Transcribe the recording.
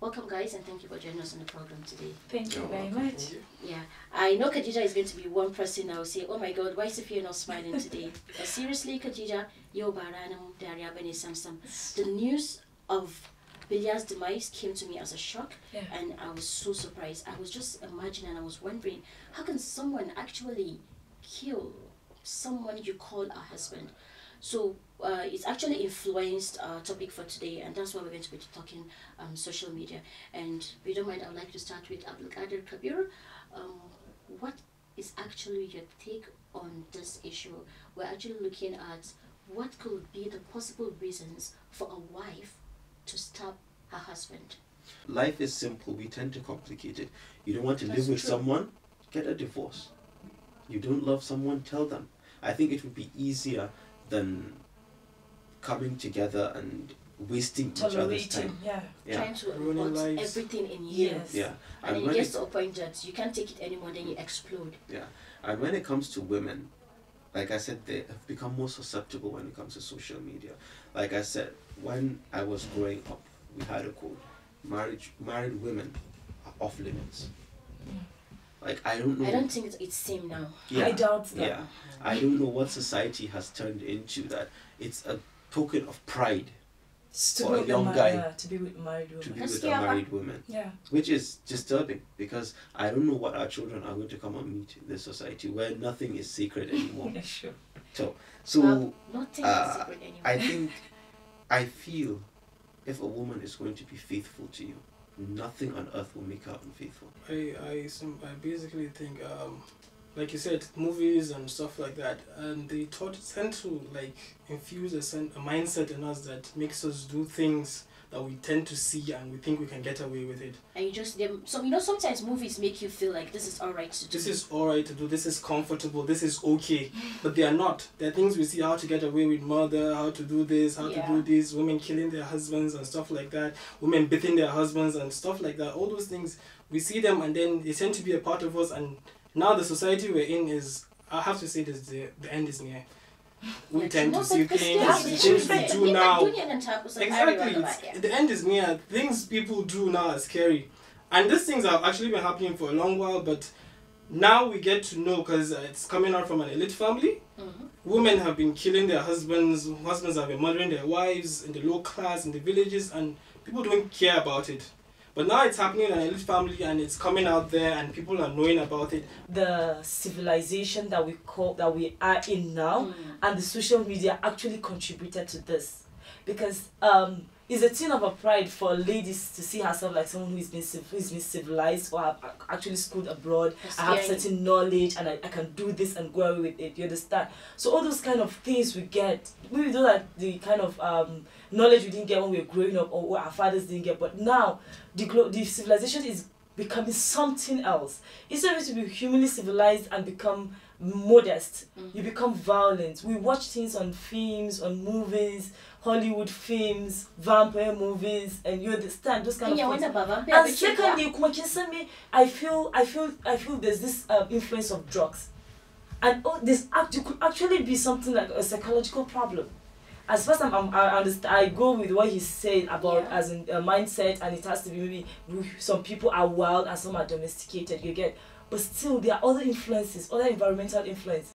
Welcome, guys, and thank you for joining us on the program today. Thank you You're very welcome. much. Yeah, I know Khadija is going to be one person I will say, Oh my God, why is Sophia not smiling today? but seriously, Khadija, yo baranam dariabene The news of Bilya's demise came to me as a shock, yeah. and I was so surprised. I was just imagining, I was wondering, how can someone actually kill someone you call a husband? So uh, it's actually influenced our topic for today, and that's why we're going to be talking um, social media. And if you don't mind, I would like to start with Abdulkader Kabir. Um, what is actually your take on this issue? We're actually looking at what could be the possible reasons for a wife to stab her husband. Life is simple. We tend to complicate it. You don't want to that's live with true. someone? Get a divorce. You don't love someone? Tell them. I think it would be easier than coming together and wasting Tolerating, each other's time. Yeah. yeah. Trying to Ruining everything in years. Yeah. And, and it gets to a point that you can't take it anymore, then you explode. Yeah. And when it comes to women, like I said, they have become more susceptible when it comes to social media. Like I said, when I was growing up, we had a quote: marriage married women are off limits. Mm. Like I don't know. I don't think it's, it's same now. Yeah, I doubt that. Yeah, I don't know what society has turned into that. It's a token of pride to for a young guy yeah, to be with married woman. to be with a married woman. Yeah, which is disturbing because I don't know what our children are going to come and meet in this society where nothing is sacred anymore. yeah, sure. So, so well, nothing uh, is sacred anymore. I think, I feel, if a woman is going to be faithful to you, nothing on earth will make her unfaithful. I, I, I basically think, um, like you said, movies and stuff like that, and they taught, tend to like infuse a, a mindset in us that makes us do things that we tend to see and we think we can get away with it. And you just them. So you know sometimes movies make you feel like this is all right to do. This is all right to do. This is comfortable. This is okay. but they are not. There are things we see how to get away with murder, how to do this, how yeah. to do this, women killing their husbands and stuff like that, women beating their husbands and stuff like that. All those things we see them and then they tend to be a part of us and now the society we're in is I have to say this the, the end is near we tend to see things, things we do now. Exactly. The end is near. Things people do now are scary. And these things have actually been happening for a long while, but now we get to know because it's coming out from an elite family. Mm-hmm. Women have been killing their husbands, husbands have been murdering their wives in the low class, in the villages, and people don't care about it. But now it's happening in an elite family and it's coming out there and people are knowing about it. The civilization that we call that we are in now mm. and the social media actually contributed to this because um, it's a thing of a pride for ladies to see herself like someone who's been who's been civilized or have actually schooled abroad. I have certain knowledge and I, I can do this and go away with it. You understand? So all those kind of things we get, maybe those are the kind of um, knowledge we didn't get when we were growing up or what our fathers didn't get. But now the the civilization is becoming something else. not of to be humanly civilized and become modest. Mm. You become violent. We watch things on films, on movies, Hollywood films, vampire movies, and you understand those kind of things. and secondly, yeah. I feel, I feel, I feel there's this uh, influence of drugs, and oh, this act could actually be something like a psychological problem. As far as I'm, I'm i understand, I go with what he said about yeah. as a uh, mindset, and it has to be maybe some people are wild and some are domesticated. You get but still there are other influences, other environmental influences